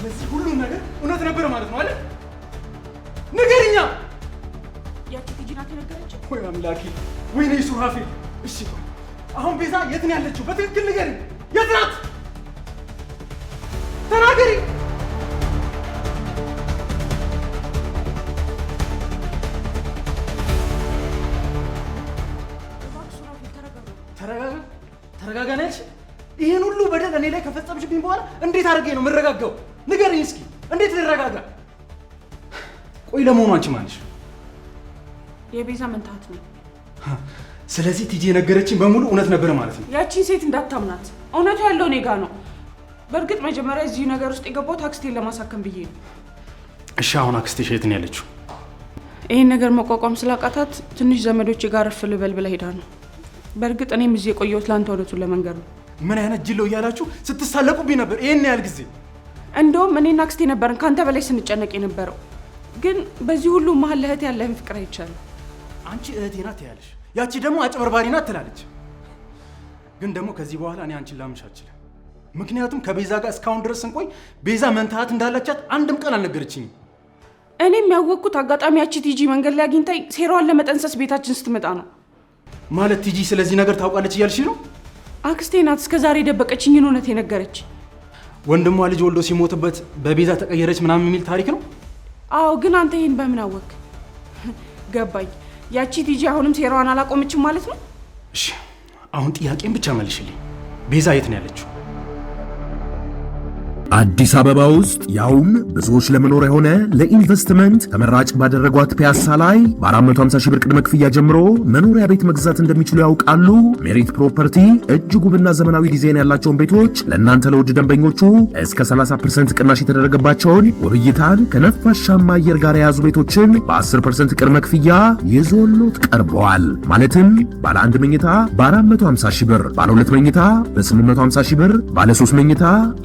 ስለዚህ ሁሉም ነገር እውነት ነበር ማለት ነው አይደል? ንገሪኛ። ያቺ ልጅ ናት የነገረችው? ወይ አምላኬ፣ ወይኔ ሱራፌል። እሺ አሁን ቤዛ የት ነው ያለችው? በትክክል ንገሪኝ። የት ናት? ተናገሪ። ተረጋጋ። ነች። ይህን ሁሉ በደል እኔ ላይ ከፈጸምሽብኝ በኋላ እንዴት አድርጌ ነው የምረጋጋው? ንገሪኝ እስኪ እንዴት ልረጋጋ? ቆይ ለመሆኑ አንቺ ማንሽ? የቤዛ መንታት ነው። ስለዚህ ቲጂ የነገረችኝ በሙሉ እውነት ነበር ማለት ነው። ያቺን ሴት እንዳታምናት፣ እውነቱ ያለው እኔ ጋ ነው። በእርግጥ መጀመሪያ እዚህ ነገር ውስጥ የገባው አክስቴን ለማሳከም ብዬ ነው። እሺ አሁን አክስቴ ሸየት ነው ያለችው? ይህን ነገር መቋቋም ስላቃታት ትንሽ ዘመዶች ጋር እረፍ ልበል ብላ ሄዳ ነው። በእርግጥ እኔም እዚህ የቆየሁት ለአንተ እውነቱን ለመንገር ነው። ምን አይነት ጅለው እያላችሁ ስትሳለቁብኝ ነበር ይህን ያህል ጊዜ እንደውም እኔና አክስቴ ነበርን ከአንተ በላይ ስንጨነቅ የነበረው። ግን በዚህ ሁሉ መሀል ለእህት ያለህን ፍቅር አይቻልም። አንቺ እህቴ ናት ትያለሽ፣ ያቺ ደግሞ አጭበርባሪ ናት ትላለች። ግን ደግሞ ከዚህ በኋላ እኔ አንቺን ላምንሽ አልችልም። ምክንያቱም ከቤዛ ጋር እስካሁን ድረስ ስንቆይ ቤዛ መንታሃት እንዳለቻት አንድም ቀን አልነገረችኝም። እኔ ያወቅኩት አጋጣሚ ያቺ ቲጂ መንገድ ላይ አግኝታኝ ሴራዋን ለመጠንሰስ ቤታችን ስትመጣ ነው። ማለት ቲጂ ስለዚህ ነገር ታውቃለች እያልሽ ነው? አክስቴ ናት እስከዛሬ የደበቀችኝን እውነት የነገረች ወንድሟ ልጅ ወልዶ ሲሞትበት በቤዛ ተቀየረች ምናምን የሚል ታሪክ ነው። አዎ፣ ግን አንተ ይህን በምን አወቅ? ገባኝ። ያቺ ቲጂ አሁንም ሴራዋን አላቆመችም ማለት ነው። እሺ፣ አሁን ጥያቄን ብቻ መልሽልኝ። ቤዛ የት ነው ያለችው? አዲስ አበባ ውስጥ ያውም ብዙዎች ለመኖር የሆነ ለኢንቨስትመንት ተመራጭ ባደረጓት ፒያሳ ላይ በ450 ሺህ ብር ቅድመ ክፍያ ጀምሮ መኖሪያ ቤት መግዛት እንደሚችሉ ያውቃሉ? ሜሪት ፕሮፐርቲ እጅግ ውብና ዘመናዊ ዲዛይን ያላቸውን ቤቶች ለእናንተ ለውድ ደንበኞቹ እስከ 30% ቅናሽ የተደረገባቸውን ውብ እይታን ከነፋሻማ አየር ጋር የያዙ ቤቶችን በ10% ቅድመ ክፍያ ይዞሎት ቀርበዋል። ማለትም ባለ አንድ መኝታ በ450 ሺህ ብር፣ ባለ ሁለት መኝታ በ850 ሺህ ብር፣ ባለ ሶስት መኝታ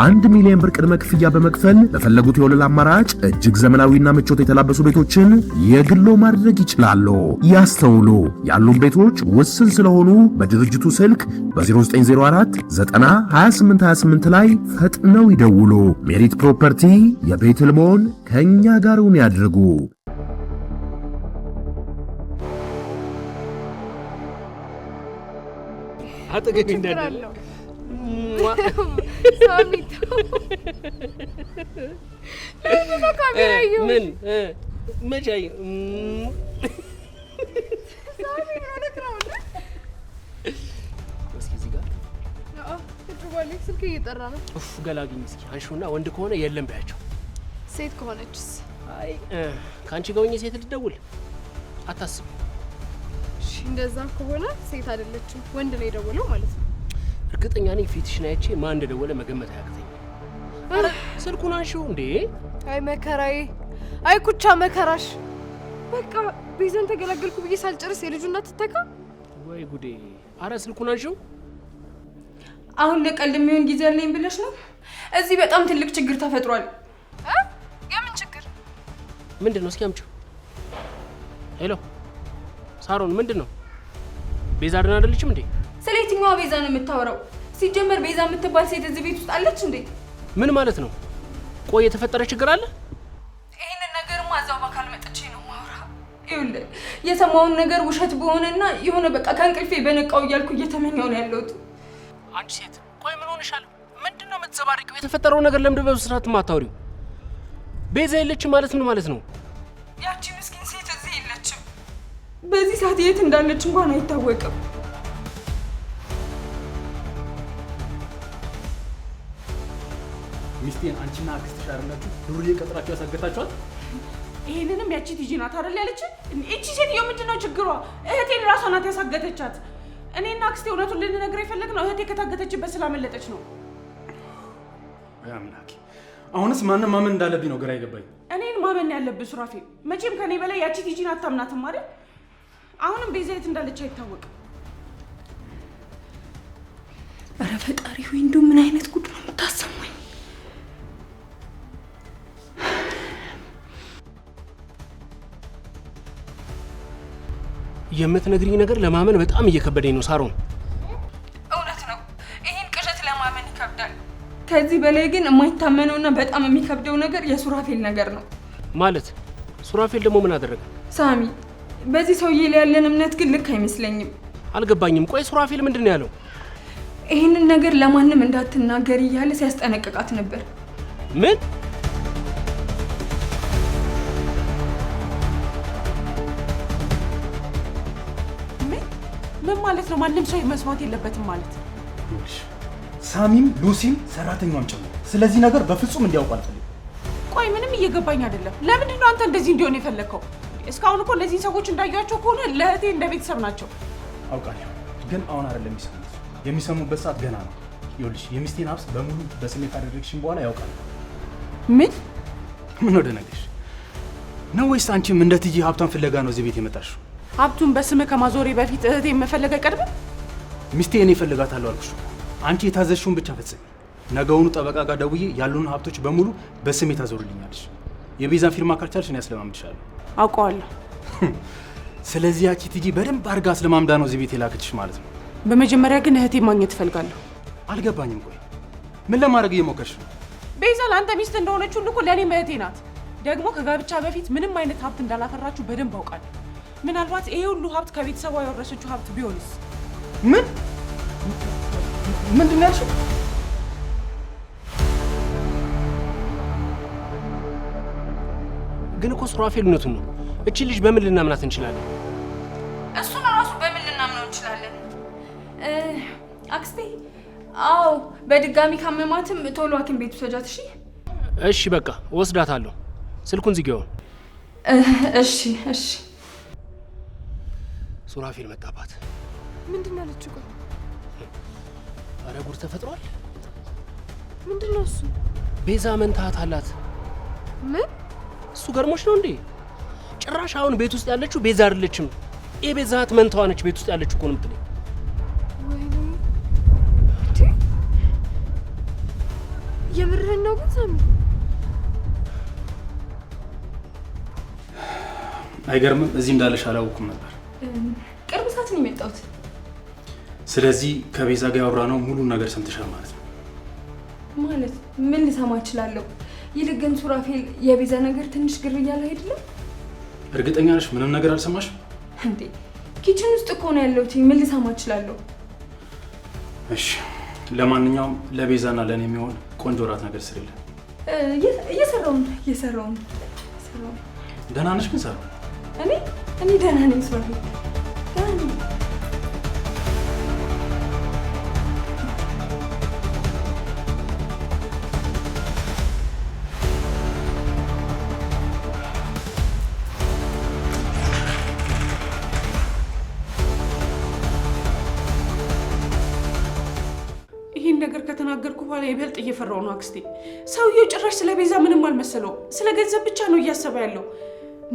1 ሚሊዮን ብር ቅድመ ክፍያ በመክፈል ለፈለጉት የወለል አማራጭ እጅግ ዘመናዊና ምቾት የተላበሱ ቤቶችን የግሎ ማድረግ ይችላሉ። ያስተውሉ፣ ያሉን ቤቶች ውስን ስለሆኑ በድርጅቱ ስልክ በ0904 28 ላይ ፈጥነው ይደውሉ። ሜሪት ፕሮፐርቲ የቤት ህልሞን ከእኛ ጋርን ያድርጉ። አጠገቤ ምን መቼ ስልክ እየጠራ ነው። እፍ ገላግኝ እስኪ አንሹና፣ ወንድ ከሆነ የለም በያቸው። ሴት ከሆነችስ? አይ ከአንቺ ጋር ሴት ልደውል አታስብ። እሺ እንደዛ ከሆነ ሴት አይደለችም፣ ወንድ ነው የደወለው ማለት ነው። እርግጠኛ ነኝ ፊትሽን አይቼ ማን እንደደወለ መገመት አያቅተኝ። ስልኩን አንሺው እንዴ! አይ መከራዬ፣ አይ ኩቻ መከራሽ። በቃ ቤዛን ተገላገልኩ ብዬ ሳልጨርስ የልጁና ትተካ። ወይ ጉዴ! አረ ስልኩን አንሺው። አሁን ለቀልድ የሚሆን ጊዜ ያለኝ ብለሽ ነው? እዚህ በጣም ትልቅ ችግር ተፈጥሯል። የምን ችግር? ምንድን ነው? እስኪ አምጪው። ሄሎ ሳሮን፣ ምንድን ነው? ቤዛ አድና አይደለችም እንዴ? ስለ የትኛዋ ቤዛ ነው የምታወራው? ሲጀመር ቤዛ የምትባል ሴት እዚህ ቤት ውስጥ አለች እንዴ? ምን ማለት ነው? ቆይ የተፈጠረ ችግር አለ? ይህንን ነገርማ እዛው በአካል መጥቼ ነው ማውራ። ይኸውልህ የሰማውን ነገር ውሸት በሆነና የሆነ በቃ ከእንቅልፌ በነቃው እያልኩ እየተመኘው ነው ያለሁት። አንቺ ሴት ቆይ ምን ሆንሻል? ምንድን ነው የምትዘባርቂው? የተፈጠረው ነገር ለምንድን ነው በስርዓት የማታወሪው? ቤዛ የለችም ማለት ምን ማለት ነው? ያቺ ምስኪን ሴት እዚህ የለችም። በዚህ ሰዓት የት እንዳለች እንኳን አይታወቅም። ሚስቴን አንቺና አክስትሽ አይደላችሁ ዱርዬ ቀጥራችሁ ያሳገታችኋት? ይሄንንም ያቺ ቲጂ ናት አይደል ያለችን? እቺ ሴትዮ ምንድን ነው ችግሯ? እህቴን ራሷ ናት ያሳገተቻት። እኔና አክስቴ እውነቱን ልንነግር የፈለግነው እህቴ ከታገተችበት ስላመለጠች ነው። አምላኬ፣ አሁንስ ማንም ማመን እንዳለብኝ ነው ግራ የገባኝ። እኔን ማመን ያለብን ሱራፌ፣ መቼም ከኔ በላይ ያቺ ቲጂን አታምናትም አይደል? አሁንም ቤዛ እንዳለች አይታወቅም። ኧረ ፈጣሪ ሆይ እንደው ምን አይነት ጉድ ነው የምታሰማው? የምትነግሪኝ ነገር ለማመን በጣም እየከበደኝ ነው ሳሮን። እውነት ነው፣ ይህን ቅዠት ለማመን ይከብዳል። ከዚህ በላይ ግን የማይታመነውና በጣም የሚከብደው ነገር የሱራፌል ነገር ነው። ማለት ሱራፌል ደግሞ ምን አደረገ? ሳሚ፣ በዚህ ሰውዬ ላይ ያለን እምነት ግን ልክ አይመስለኝም። አልገባኝም። ቆይ ሱራፌል ምንድን ነው ያለው? ይህንን ነገር ለማንም እንዳትናገር እያለ ሲያስጠነቅቃት ነበር። ምን ማለት ነው። ማንም ሰው መስማት የለበትም ማለት ነው። ሳሚም ሉሲም ሰራተኛውን ጨምሮ ስለዚህ ነገር በፍጹም እንዲያውቁ አልፈልግም። ቆይ ምንም እየገባኝ አይደለም። ለምንድን ነው አንተ እንደዚህ እንዲሆን የፈለግከው? እስካሁን እኮ እነዚህን ሰዎች እንዳያቸው ከሆነ ለእህቴ እንደ ቤተሰብ ናቸው። አውቃለሁ፣ ግን አሁን አይደለም የሚሰሙት። የሚሰሙበት ሰዓት ገና ነው። ይኸውልሽ የሚስቴን ሀብስ በሙሉ በስሜት ካደረግሽን በኋላ ያውቃል። ምን ምን ወደ ነገሽ ነው ወይስ አንቺም እንደትዬ ሀብታም ፍለጋ ነው እዚህ ቤት የመጣሽው? ሀብቱን በስምህ ከማዞሬ በፊት እህቴ መፈለግ አይቀድምም። ሚስቴ እኔ እፈልጋታለሁ አልኩሽ። አንቺ የታዘዝሽውን ብቻ ፈጽሚ። ነገውኑ ጠበቃ ጋር ደውዬ ያሉን ሀብቶች በሙሉ በስሜ ታዞርልኛለሽ። የቤዛን ፊርማ ካልቻልሽ እኔ አስለማምድሻለሁ። አውቀዋለሁ። ስለዚህ ያቺ ትጂ በደንብ አድርጋ አስለማምዳ ነው እዚህ ቤት የላከችሽ ማለት ነው። በመጀመሪያ ግን እህቴ ማግኘት እፈልጋለሁ። አልገባኝም። ቆይ ምን ለማድረግ እየሞከርሽ ነው? ቤዛ ለአንተ ሚስት እንደሆነች ሁሉ እኮ ለእኔ እህቴ ናት። ደግሞ ከጋብቻ በፊት ምንም አይነት ሀብት እንዳላፈራችሁ በደንብ አውቃለሁ። ምናልባት ይሄ ሁሉ ሀብት ከቤተሰቧ የወረሰችው ሀብት ቢሆንስ? ምን ምንድን ነው ያልሽው? ግን እኮ ሱራፌል እውነቱን ነው። እችን ልጅ በምን ልናምናት እንችላለን? እሱን እራሱ በምን ልናምነው እንችላለን? አክስቴ፣ አዎ በድጋሚ ካመማትም ቶሎ ሐኪም ቤት ውሰጃት። እሺ፣ እሺ፣ በቃ ወስዳታለሁ። ስልኩን ዝጊውን። እሺ፣ እሺ ሱራፌል መጣባት። ምንድን ነው ቆይ ኧረ ጉድ ተፈጥሯል። ምንድን ነው እሱ? ቤዛ መንታት አላት። ምን? እሱ ገርሞች ነው እንዴ? ጭራሽ አሁን ቤት ውስጥ ያለችው ቤዛ አይደለችም። የቤዛ እህት መንታዋ ነች። ቤት ውስጥ ያለችው እኮ ነው የምትለኝ። የምርህን ነው ግን ሳሚ? አይገርምም። እዚህ እንዳለሽ አላወኩም ነበር። ቅርብ ሰዓት ነው የመጣሁት። ስለዚህ ከቤዛ ጋር ያወራነው ሙሉን ነገር ሰምተሻል ማለት ነው። ማለት ምን ልሰማ እችላለሁ? ይልቅ ግን ሱራፌል፣ የቤዛ ነገር ትንሽ ግር እያለ አይደለም? እርግጠኛ ነሽ? ምንም ነገር አልሰማሽም እንዴ? ኪችን ውስጥ እኮ ነው ያለሁት። ምን ልሰማ እችላለሁ? እሺ፣ ለማንኛውም ለቤዛና ለእኔ የሚሆን ቆንጆ እራት ነገር ስሪልን። እየሰራሁ ነው፣ እየሰራሁ ነው። ደህና ነሽ ግን እኔ እኔ ደህና ነኝ። ሶፊ ይህን ነገር ከተናገርኩ በኋላ ይበልጥ እየፈራው ነው አክስቴ። ሰውየው ጭራሽ ስለ ቤዛ ምንም አልመሰለውም። ስለ ገንዘብ ብቻ ነው እያሰበ ያለው።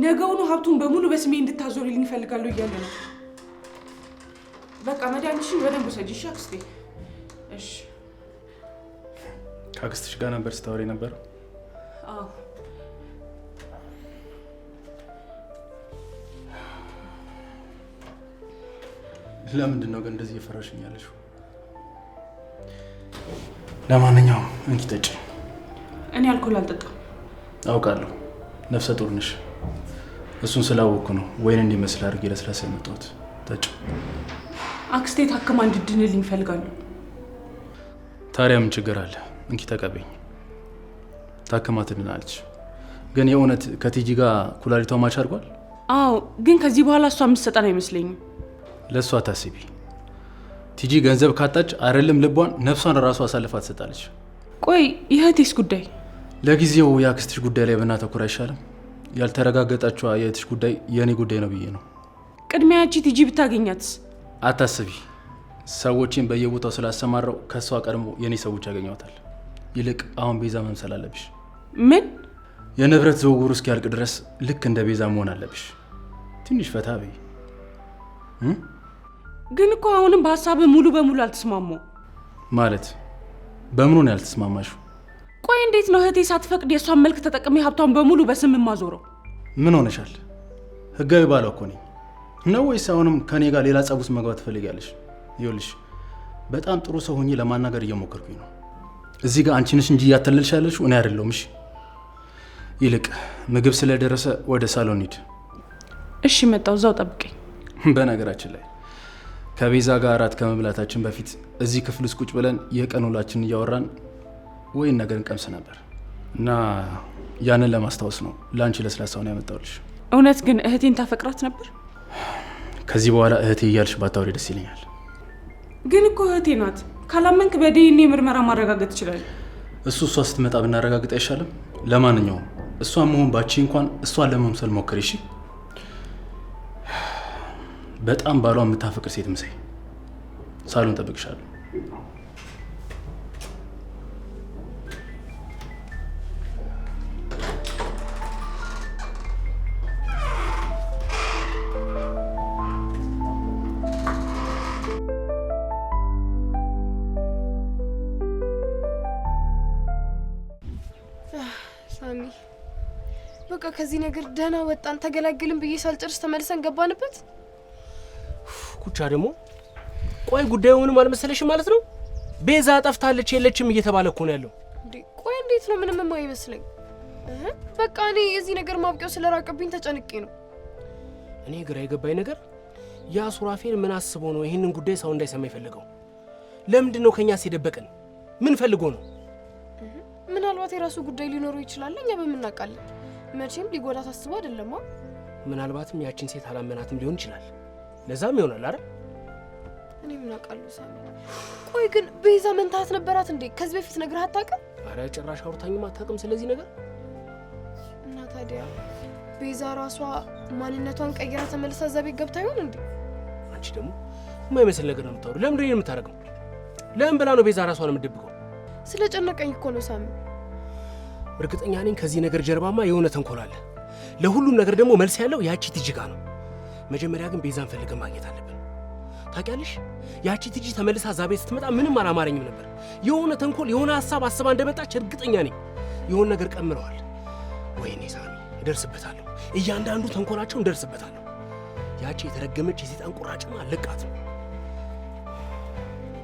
ነገውኑ ሀብቱን በሙሉ በስሜ እንድታዞሪልኝ እፈልጋለሁ እያለ ነው። በቃ መድኃኒትሽን በደንብ ውሰጂ እሺ አክስቴ። እሺ ከአክስትሽ ጋር ነበር ስታወሪ ነበር? አዎ ለምንድን ነው ግን እንደዚህ እየፈራሽኝ ያለሽው? ለማንኛውም እንኪ ጠጪ። እኔ አልኮል አልጠጣም። አውቃለሁ ነፍሰ ጡር ነሽ። እሱን ስላወቅኩ ነው ወይን እንዲመስል አድርጌ ለስላሳ የመጣሁት። ተጭ አክስቴ ታክማ እንድድንልኝ ይፈልጋሉ። ታዲያ ምን ችግር አለ? እንኪ ተቀበኝ። ታክማ ትድናለች። ግን የእውነት ከቲጂ ጋር ኩላሊቷ ማች አድርጓል? አዎ፣ ግን ከዚህ በኋላ እሷ የምትሰጠን አይመስለኝም። ለእሷ ታስቢ። ቲጂ ገንዘብ ካጣች አይደለም ልቧን ነፍሷን ራሷ አሳልፋ ትሰጣለች። ቆይ የእህቴስ ጉዳይ? ለጊዜው የአክስትሽ ጉዳይ ላይ ብናተኩር አይሻልም? ያልተረጋገጣቸው አያትሽ ጉዳይ የእኔ ጉዳይ ነው ብዬ ነው። ቅድሚያ ያቺ ቲጂ ብታገኛትስ? አታስቢ፣ ሰዎችን በየቦታው ስላሰማራው ከእሷ ቀድሞ የእኔ ሰዎች ያገኘዋታል። ይልቅ አሁን ቤዛ መምሰል አለብሽ። ምን? የንብረት ዝውውሩ እስኪያልቅ ድረስ ልክ እንደ ቤዛ መሆን አለብሽ። ትንሽ ፈታ በይ። ግን እኮ አሁንም በሀሳብ ሙሉ በሙሉ አልተስማማው ማለት ነው ያልተስማማሽው? ቆይ እንዴት ነው እህቴ ሳትፈቅድ የእሷን መልክ ተጠቅሜ ሀብቷን በሙሉ በስም ማዞረው? ምን ሆነሻል? ህጋዊ ባሏ እኮ ነኝ ነው ወይስ አሁንም ከኔ ጋር ሌላ ጸብ መግባት ትፈልጊያለሽ? ይኸውልሽ በጣም ጥሩ ሰው ሆኜ ለማናገር እየሞከርኩኝ ነው። እዚህ ጋር አንቺ ነሽ እንጂ እያተለልሽ ያለሽው እኔ አይደለሁም። እሺ ይልቅ ምግብ ስለደረሰ ወደ ሳሎን ሂድ። እሺ መጣው እዛው ጠብቀኝ። በነገራችን ላይ ከቤዛ ጋር እራት ከመብላታችን በፊት እዚህ ክፍል ውስጥ ቁጭ ብለን የቀን ውሏችንን እያወራን ወይ ነገርን ቀምስ ነበር እና ያንን ለማስታወስ ነው ለአንቺ ለስላሳውን ያመጣሁልሽ። እውነት ግን እህቴን ታፈቅራት ነበር? ከዚህ በኋላ እህቴ እያልሽ ባታወሪ ደስ ይለኛል። ግን እኮ እህቴ ናት። ካላመንክ በዲኤንኤ ምርመራ ማረጋገጥ ይችላል። እሱ እሷ ስትመጣ ብናረጋግጥ አይሻልም? ለማንኛውም እሷ መሆን ባቺ እንኳን እሷን ለመምሰል ሞክር። እሺ። በጣም ባሏ የምታፈቅር ሴት ምሳይ። ሳሎን ጠብቅሻለሁ። በቃ ከዚህ ነገር ደህና ወጣን ተገላግልን ብዬ ሳልጨርስ ተመልሰን ገባንበት። ኩቻ ደግሞ ቆይ ጉዳዩ ምንም አልመሰለሽም ማለት ነው? ቤዛ ጠፍታለች የለችም እየተባለ እኮ ነው ያለው። ቆይ እንዴት ነው ምንም የማይመስለኝ? በቃ እኔ የዚህ ነገር ማብቂያው ስለራቀብኝ ተጨንቄ ነው። እኔ ግራ የገባኝ ነገር ያ ሱራፌል ምን አስቦ ነው ይህንን ጉዳይ ሰው እንዳይሰማ የፈለገው? ለምንድን ነው ከእኛ ሲደበቅን? ምን ፈልጎ ነው? ምናልባት የራሱ ጉዳይ ሊኖረው ይችላል፣ እኛ በምናውቃለን መቼም ሊጎዳት ታስቦ አይደለማ። ምናልባትም ያችን ሴት አላመናትም ሊሆን ይችላል። ለዛም ይሆናል አይደል? እኔ ምን አውቃለሁ ሳሚ። ቆይ ግን ቤዛ መንታት ነበራት እንዴ? ከዚህ በፊት ነግረህ አታውቅም? አረ ጭራሽ አውርታኝም አታውቅም ስለዚህ ነገር። እና ታዲያ ቤዛ ራሷ ማንነቷን ቀይራ ተመልሳ እዛ ቤት ገብታ ይሆን እንዴ? አንቺ ደግሞ የማይመስል ነገር ነው የምታወሩ። ለምንድን ነው የምታደርገው? ለምን ብላ ነው ቤዛ ራሷን የምትደብቀው? ስለጨነቀኝ እኮ ነው ሳሚ። እርግጠኛ ነኝ ከዚህ ነገር ጀርባማ የሆነ ተንኮል አለ። ለሁሉም ነገር ደግሞ መልስ ያለው ያቺ ትጅጋ ነው። መጀመሪያ ግን ቤዛን ፈልገን ማግኘት አለብን። ታውቂያለሽ፣ ያቺ ትጂ ተመልሳ እዛ ቤት ስትመጣ ምንም አላማረኝም ነበር። የሆነ ተንኮል፣ የሆነ ሀሳብ አስባ እንደመጣች እርግጠኛ ነኝ። የሆነ ነገር ቀምረዋል። ወይኔ ሳሚ፣ እደርስበታለሁ። እያንዳንዱ ተንኮላቸው እንደርስበታለሁ። ያቺ የተረገመች የሴጣን ቁራጭማ አለቃት ነው።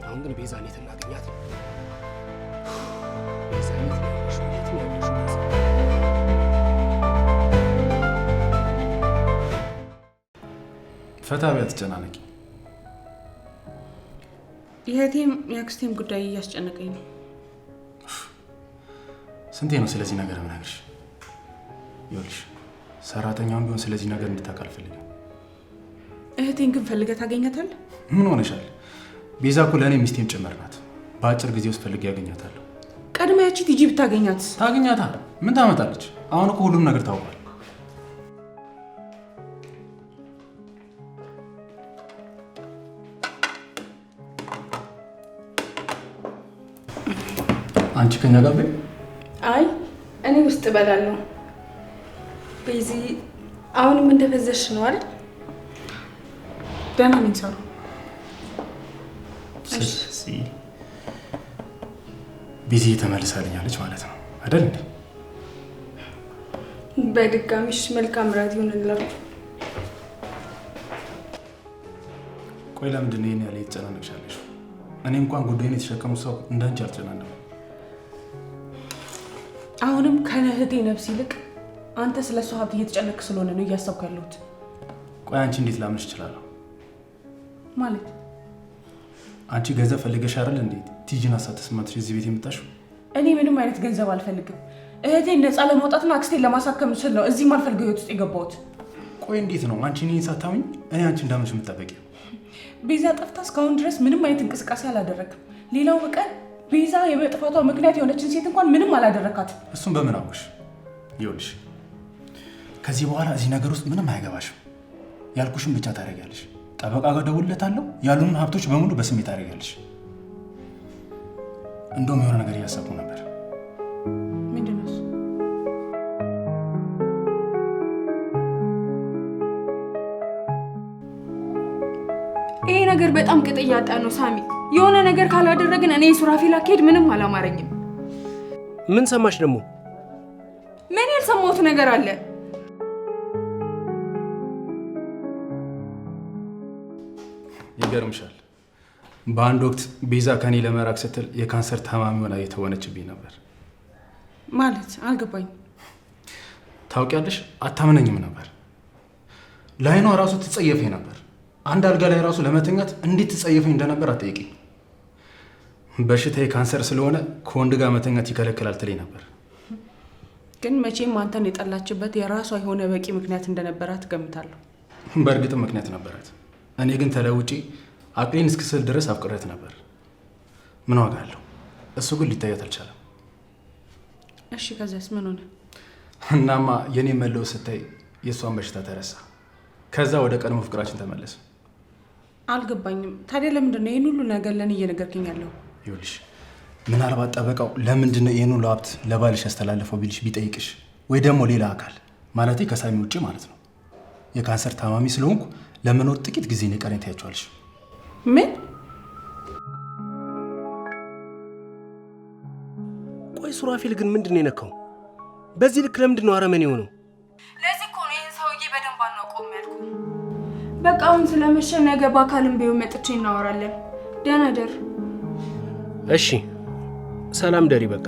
አሁን ግን ቤዛን የት እናገኛት? ቤዛን የት düşünüyorsun? ፈታ ቢያትጨናነቂ የእህቴም የአክስቴም ጉዳይ እያስጨነቀኝ ነው። ስንቴ ነው ስለዚህ ነገር የምነግርሽ? ይኸውልሽ ሰራተኛውን ቢሆን ስለዚህ ነገር እንድታውቅ አልፈልግም። እህቴን ግን ፈልገህ ታገኛታለህ? ምን ሆነሻል? ቤዛ እኮ ለእኔ ሚስቴም ጭምር ናት። በአጭር ጊዜ ውስጥ ፈልጌ ያገኛታለሁ። ቀድማ ያቺ ቲጂ ብታገኛት ታገኛታ ምን ታመጣለች? አሁን እኮ ሁሉም ነገር ታውቋል። አንቺ ከኛ ጋር አይ እኔ ውስጥ እበላለሁ። ቤዚ አሁንም እንደፈዘሽ ነው አይደል? ደህና ነኝ ሰሩ ቤዚ ተመልሳልኛለች ማለት ነው አይደል እንዴ? በድጋሚሽ መልካም ራት ይሁንላችሁ። ቆይ ለምንድን ነው ይሄን ያለ የተጨናነቅሻለሽ? እኔ እንኳን ጉዳይን የተሸከሙ ሰው እንዳንቺ አልጨናነቅም። አሁንም ከነህቴ ነፍስ ይልቅ አንተ ስለ እሷ ሀብት እየተጨነቅ ስለሆነ ነው እያሰብኩ ያለሁት። ቆይ አንቺ እንዴት ላምንሽ እችላለሁ? ማለት አንቺ ገንዘብ ፈልገሽ አይደል እንዴት ቲጂን አሳተስማትሽ እዚህ ቤት የመጣሽው? እኔ ምንም አይነት ገንዘብ አልፈልግም። እህቴን ነፃ ለማውጣትና አክስቴን ለማሳከም ስል ነው እዚህ ማልፈልገው ህይወት ውስጥ የገባሁት። ቆይ እንዴት ነው አንቺ እኔን ሳታምኝ እኔ አንቺ እንዳምንሽ የምጠበቂው? ቤዛ ጠፍታ እስካሁን ድረስ ምንም አይነት እንቅስቃሴ አላደረግም። ሌላው በቀር ቤዛ የመጥፋቷ ምክንያት የሆነችን ሴት እንኳን ምንም አላደረካት። እሱም በምን አወቅሽ? ይኸውልሽ ከዚህ በኋላ እዚህ ነገር ውስጥ ምንም አይገባሽም። ያልኩሽም ብቻ ታደርጊያለሽ። ጠበቃ ጋር ደውልለታለሁ። ያሉን ሀብቶች በሙሉ በስሜት ታደርጊያለሽ። እንደውም የሆነ ነገር እያሰብኩ ነበር። ምንድን ነው ይሄ ነገር በጣም ቅጥ እያጣ ነው ሳሚ። የሆነ ነገር ካላደረግን እኔ የሱራፌል አካሄድ ምንም አላማረኝም። ምን ሰማሽ ደግሞ? ምን ያልሰማሁት ነገር አለ? ይገርምሻል በአንድ ወቅት ቤዛ ከኔ ለመራቅ ስትል የካንሰር ታማሚ ሆና የተሆነችብኝ ነበር። ማለት አልገባኝ። ታውቂያለሽ፣ አታምነኝም ነበር። ለአይኗ ራሱ ትጸየፈኝ ነበር። አንድ አልጋ ላይ ራሱ ለመተኛት እንዴት ትጸየፈኝ እንደነበር አትጠይቂኝ። በሽታ የካንሰር ስለሆነ ከወንድ ጋር መተኛት ይከለክላል ትለኝ ነበር። ግን መቼም አንተን የጠላችበት የራሷ የሆነ በቂ ምክንያት እንደነበራት ገምታለሁ። በእርግጥም ምክንያት ነበራት። እኔ ግን ተለውጪ አቅሌን እስክስል ድረስ አፍቅረት ነበር። ምን ዋጋ አለው? እሱ ግን ሊታየት አልቻለም። እሺ ከዚያስ ምን ሆነ? እናማ የኔ መለው ስታይ የእሷን በሽታ ተረሳ። ከዛ ወደ ቀድሞ ፍቅራችን ተመለሰ። አልገባኝም። ታዲያ ለምንድን ነው ይህን ሁሉ ነገር ለእኔ እየነገርክኝ ያለው? ይኸውልሽ ምናልባት ጠበቃው ለምንድን ነው ይህን ሁሉ ሀብት ለባልሽ ያስተላለፈው ቢልሽ ቢጠይቅሽ፣ ወይ ደግሞ ሌላ አካል ማለት ከሳሚ ውጭ ማለት ነው። የካንሰር ታማሚ ስለሆንኩ ለመኖር ጥቂት ጊዜ ነው የቀረኝ ታያቸዋለሽ። ምን? ቆይ ሱራፌል ግን ምንድን ነው የነካው? በዚህ ልክ ለምንድን ነው አረመኔ የሆነው? ለዚህ እኮ ነው ይህን ሰውዬ በደንብ አናውቀውም ያልኩህ። በቃ አሁን ስለመሸ ነገ በአካልም ቢሆን መጥቼ እናወራለን። ደህና ደር። እሺ ሰላም ደሪ። በቃ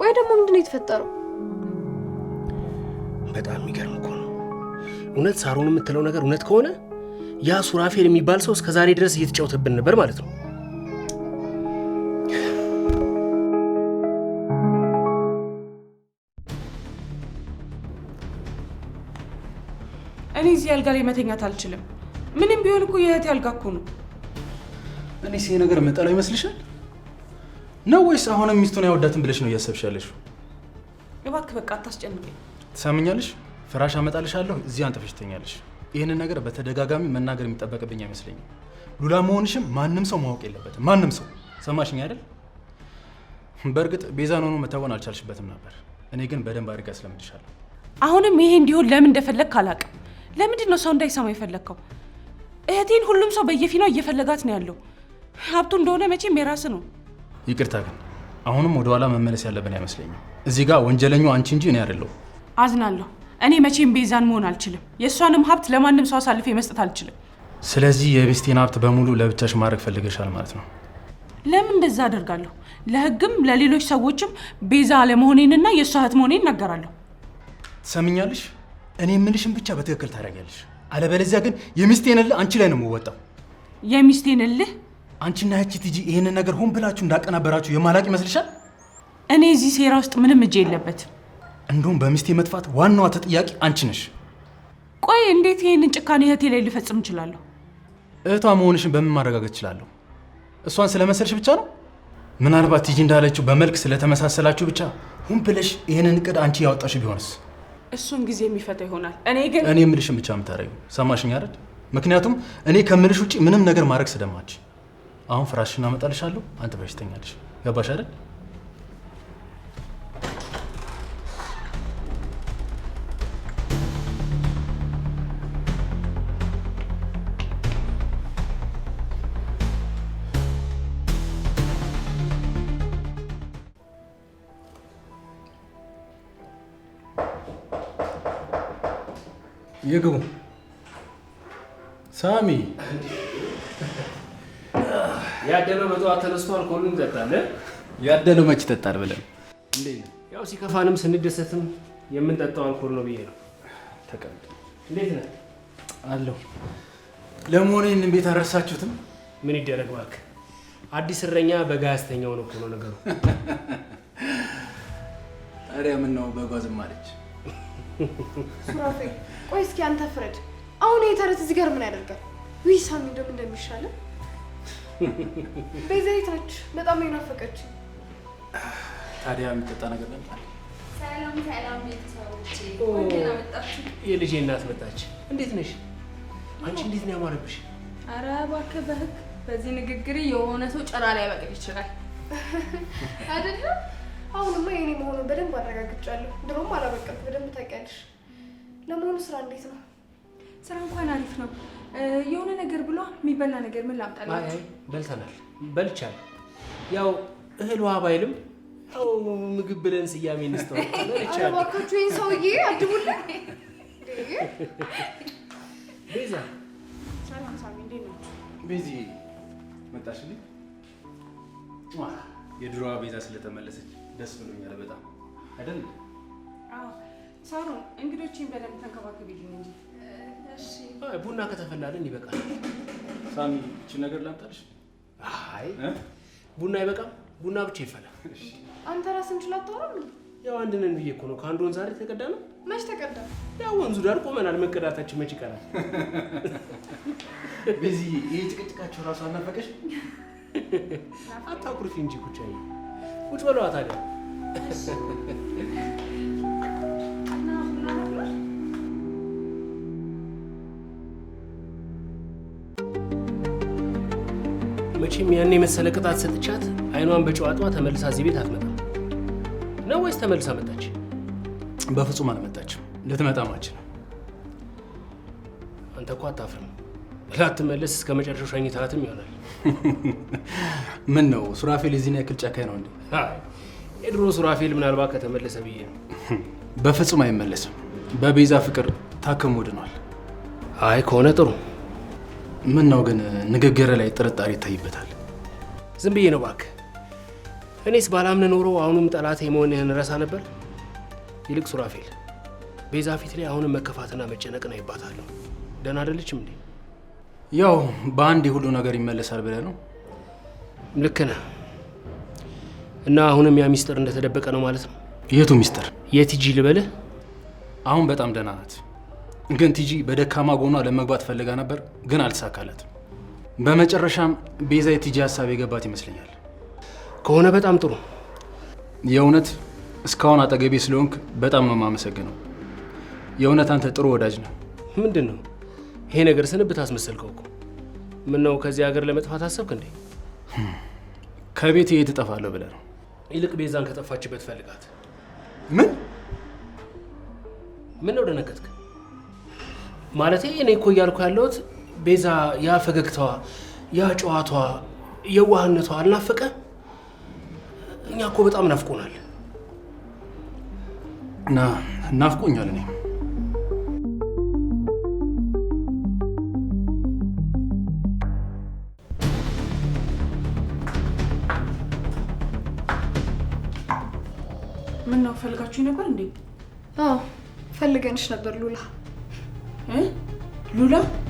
ቆይ ደግሞ ምንድን ነው የተፈጠረው? በጣም የሚገርም እኮ ነው። እውነት ሳሮን የምትለው ነገር እውነት ከሆነ ያ ሱራፌል የሚባል ሰው እስከ ዛሬ ድረስ እየተጫወተብን ነበር ማለት ነው። እኔ እዚህ አልጋ ላይ መተኛት አልችልም። ምንም ቢሆን እኮ የእህቴ አልጋ እኮ ነው። እኔ ይሄ ነገር መጣለው ይመስልሻል ነው ወይስ አሁንም ሚስቱን አይወዳትም ብለሽ ነው እያሰብሻለሽ? እባክህ በቃ አታስጨንቀኝ። ትሰምኛለሽ? ፍራሽ አመጣልሻለሁ፣ እዚህ አንተ ትተኛለሽ። ይህንን ነገር በተደጋጋሚ መናገር የሚጠበቅብኝ አይመስለኝም። ሉላ መሆንሽም ማንም ሰው ማወቅ የለበትም። ማንም ሰው ሰማሽኝ አይደል? በእርግጥ ቤዛን ሆኖ መተወን አልቻልሽበትም ነበር። እኔ ግን በደንብ አድርጌ አስለምድሻለሁ። አሁንም ይሄ እንዲሆን ለምን እንደፈለግክ አላውቅም። ለምንድን ነው ሰው እንዳይሰማ የፈለግከው? እህቴን ሁሉም ሰው በየፊናው እየፈለጋት ነው ያለው። ሀብቱ እንደሆነ መቼም የራስ ነው። ይቅርታ ግን አሁንም ወደኋላ መመለስ ያለብን አይመስለኝም። እዚህ ጋር ወንጀለኛው አንቺ እንጂ እኔ አይደለሁም። አዝናለሁ። እኔ መቼም ቤዛን መሆን አልችልም። የእሷንም ሀብት ለማንም ሰው አሳልፌ መስጠት አልችልም። ስለዚህ የሚስቴን ሀብት በሙሉ ለብቻሽ ማድረግ ፈልገሻል ማለት ነው? ለምን እንደዛ አደርጋለሁ? ለህግም ለሌሎች ሰዎችም ቤዛ አለመሆኔንና የእሷ እህት መሆኔን እናገራለሁ። ትሰምኛለሽ? እኔ የምልሽን ብቻ በትክክል ታደርጊያለሽ። አለበለዚያ ግን የሚስቴን እልህ አንቺ ላይ ነው የምወጣው። የሚስቴን እልህ አንቺና ያቺ ቲጂ ይህንን ነገር ሆን ብላችሁ እንዳቀናበራችሁ የማላቅ ይመስልሻል? እኔ እዚህ ሴራ ውስጥ ምንም እጄ የለበትም። እንደውም በሚስቴ መጥፋት ዋናዋ ተጠያቂ አንቺ ነሽ። ቆይ እንዴት ይህንን ጭካኔ እህቴ ላይ ልፈጽም እችላለሁ? እህቷ መሆንሽን በምን ማረጋገጥ እችላለሁ? እሷን ስለመሰልሽ ብቻ ነው? ምናልባት ቲጂ እንዳለችው በመልክ ስለተመሳሰላችሁ ብቻ ሁን ብለሽ ይህንን እቅድ አንቺ ያወጣሽ ቢሆንስ? እሱን ጊዜ የሚፈታ ይሆናል። እኔ ግን እኔ የምልሽን ብቻ የምታረዩ ሰማሽኝ አይደል? ምክንያቱም እኔ ከምልሽ ውጭ ምንም ነገር ማድረግ ስለማች አሁን ፍራሽን አመጣልሻለሁ። አንተ በሽተኛለሽ። ገባሽ አይደል? የግቡ ሳሚ ያደለው በጠዋት ተነስቶ አልኮልን ይጠጣል። ያደለው መች ይጠጣል ብለን ያው ሲከፋንም ስንደሰትም የምንጠጣው አልኮል ነው ብዬ ነው። ተቀምጥ። እንዴት ነህ? አለሁ። ለመሆኑ ይህንን ቤት አልረሳችሁትም? ምን ይደረግ እባክህ፣ አዲስ እረኛ በጋ ያስተኛው ነው እኮ ነው ነገሩ። ታዲያ ምነው በጓዝም አለች ሱራፌ ቆይ እስኪ አንተ ፍረድ። አሁን የተረት እዚህ ጋር ምን ያደርጋል? ውይ ሳሚ እንደሚሻለ ቤዛይታች በጣም የናፈቀች። ታዲያ የሚጠጣ ነገር ለምጣል። ሰላም ሰላም ቤተሰቦቼ፣ የልጄ እናት መጣች። እንዴት ነሽ? አንቺ እንዴት ነው ያማረብሽ? አረ እባክህ በህግ በዚህ ንግግር የሆነ ሰው ጭራ ላይ ያበቅል ይችላል አይደለም አሁንማ የኔ መሆኑን በደንብ አረጋግጫለሁ። ድሮም አላበቀም፣ በደንብ ታውቂያለሽ። ለመሆኑ ስራ እንዴት ነው? ስራ እንኳን አሪፍ ነው። የሆነ ነገር ብሏ የሚበላ ነገር ምን ላምጣልህ? በልተናል፣ በልቻል። ያው እህል ውሃ ባይልም ያው ምግብ ብለን ስያሜ እንስተዋል። እባካችሁ ይህን ሰውዬ አድቡልን። ቤዛ ሰላም ሳሚ፣ እንዴት ነው ቤዚ? መጣችልኝ የድሮዋ ቤዛ ስለተመለሰች ደስ ብሎኛል በጣም አይደል? አዎ ሳሮን፣ እንግዶችን በደንብ ተንከባከቢልኝ እንጂ እሺ። ቡና ከተፈላልን ይበቃል። ሳሚ፣ እቺ ነገር ላምጣልሽ? አይ ቡና አይበቃም፣ ቡና ብቻ ይፈላል። አንተ ራስን እንችላ አታወራም? ያው አንድ ነን ብዬ እኮ ነው። ከአንድ ወንዝ ዛሬ ተቀዳ ነው። መች ተቀዳ? ያው ወንዙ ዳር ቆመናል። መቀዳታችን መች ይቀራል? በዚህ ይህ ጭቅጭቃቸው ራሱ አናፈቀሽ? አታኩርፊ እንጂ ኩቻዬ ቁጭ በለዋ ታዲያ። መቼም ያን የመሰለ ቅጣት ሰጥቻት አይኗን በጨዋጧ ተመልሳ እዚህ ቤት አትመጣም ነው ወይስ ተመልሳ መጣች? በፍጹም አልመጣችም። ልትመጣ ነው። አንተ እኮ አታፍርም። ላትመለስ እስከ መጨረሻው ሸኝታትም ይሆናል። ምን ነው ሱራፌል የዚህን ያክል ጨካኝ ነው እንዴ? የድሮ ሱራፌል ምናልባት ከተመለሰ ብዬ ነው። በፍጹም አይመለስም። በቤዛ ፍቅር ታክሞ ድኗል። አይ ከሆነ ጥሩ። ምን ነው ግን ንግግር ላይ ጥርጣሬ ይታይበታል። ዝም ብዬ ነው ባክ እኔስ ባላምን ኖሮ አሁኑም ጠላት የመሆንህን ረሳ ነበር። ይልቅ ሱራፌል ቤዛ ፊት ላይ አሁንም መከፋትና መጨነቅ ነው ይባታለሁ። ደህና አይደለችም እንዴ? ያው በአንድ የሁሉ ነገር ይመለሳል ብለህ ነው ልክ ነህ። እና አሁንም ያ ሚስጥር እንደተደበቀ ነው ማለት ነው። የቱ ሚስጥር? የቲጂ ልበልህ። አሁን በጣም ደህና ናት፣ ግን ቲጂ በደካማ ጎኗ ለመግባት ፈልጋ ነበር፣ ግን አልተሳካላትም። በመጨረሻም ቤዛ የቲጂ ሀሳብ የገባት ይመስለኛል። ከሆነ በጣም ጥሩ። የእውነት እስካሁን አጠገቤ ስለሆንክ በጣም ነው የማመሰግነው። የእውነት አንተ ጥሩ ወዳጅ ነው። ምንድን ነው ይሄ ነገር? ስንብት አስመሰልከው እኮ። ምነው ከዚህ ሀገር ለመጥፋት አሰብክ እንዴ? ከቤት ይሄ እጠፋለሁ ብለህ ነው? ይልቅ ቤዛን ከጠፋችበት ፈልጋት። ምን ምን ነው ደነገጥክ? ማለት እኔ እኮ እያልኩ ያለሁት ቤዛ ያ ፈገግታዋ፣ ያ ጨዋቷ፣ የዋህነቷ አልናፈቀ? እኛ እኮ በጣም ናፍቆናል። እና ናፍቆኛል እኔ ፈልጋችሁ ነበር እንዴ? አዎ ፈልገንሽ ነበር ሉላ ሉላ